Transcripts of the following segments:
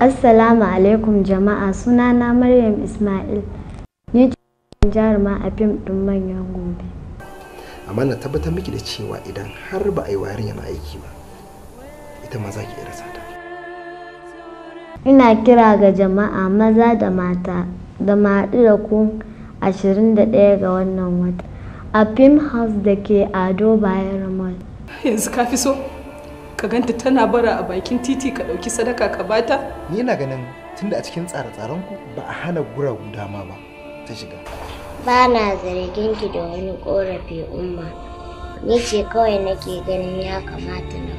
Assalamu alaikum jama'a sunana Maryam Ismail ne ce jaruma a fim ɗin manyan gobe. Amma na tabbatar miki da cewa idan har ba a yi wayar yana aiki ba ita ma za ki rasa ta. Ina kira ga jama'a maza da mata da maɗu da ku 21 ga wannan wata a fim house da ke Ado bayan Mall. Yanzu ka fi so? ka ganta tana bara a bakin titi ka ɗauki sadaka ka bata? Ni na ganin tunda a cikin tsare-tsaren ku ba a hana guragu dama ba ta shiga. Ba na zargin ki da wani korafi umma. Ni ce kawai nake ganin ya kamata na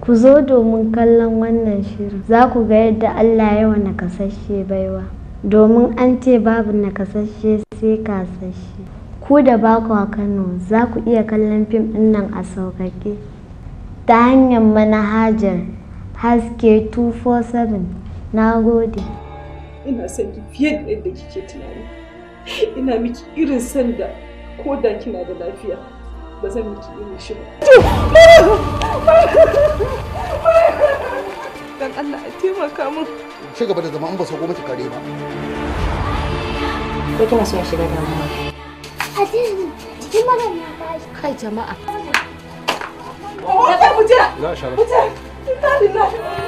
Ku zo domin kallon wannan shirin. Za ku ga yadda Allah yawa wa nakasashe baiwa. Domin an ce babu nakasashe sai kasashe. Ku da ba a Kano za ku iya kallon fim ɗin nan a sauƙaƙe. ta hanyar manhajar haske 247 na gode ina son ki fiye da yadda kike tunani ina miki irin son da ko da kina da lafiya ba zan miki irin shi ba dan Allah a taimaka min shi gaba da zama an ba sako miki kare ba ko kina son shiga da damuwa a cikin magana kai jama'a 不见，不见，你哪里来。